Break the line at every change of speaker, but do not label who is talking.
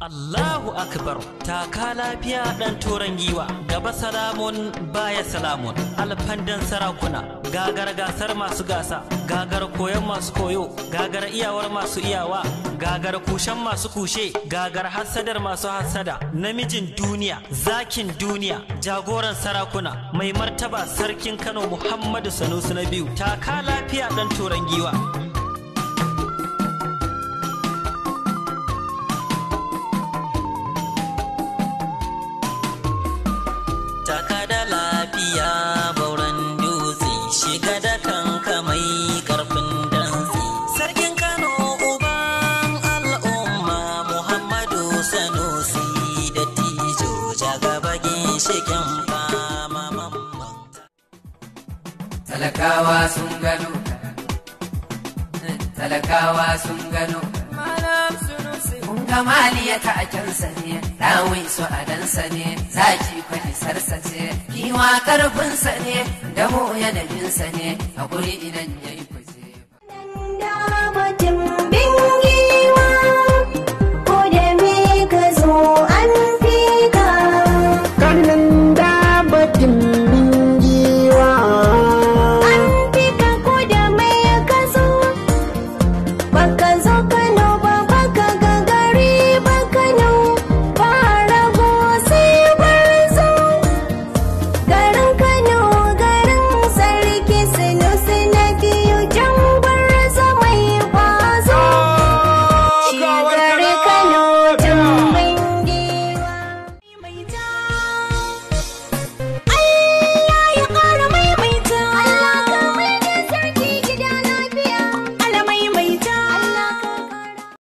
Allahu Akbar taka lafiya ɗan turan giwa gaba salamun baya salamun alfandan sarakuna gagar gasar masu gasa gagar koyon masu koyo gagar iyawar masu iyawa gagar kushen masu kushe gagar hassadar masu hassada namijin duniya zakin duniya jagoran sarakuna mai martaba sarkin Kano Muhammadu Sanusi na biyu taka lafiya ɗan turan giwa
talakawa sun gano talakawa sun gano kun ga ya ta a ne su a dansa ne zaki kwani sarsa ce kiwa karfinsa ne damo yanayinsa ne a guri idan ya yi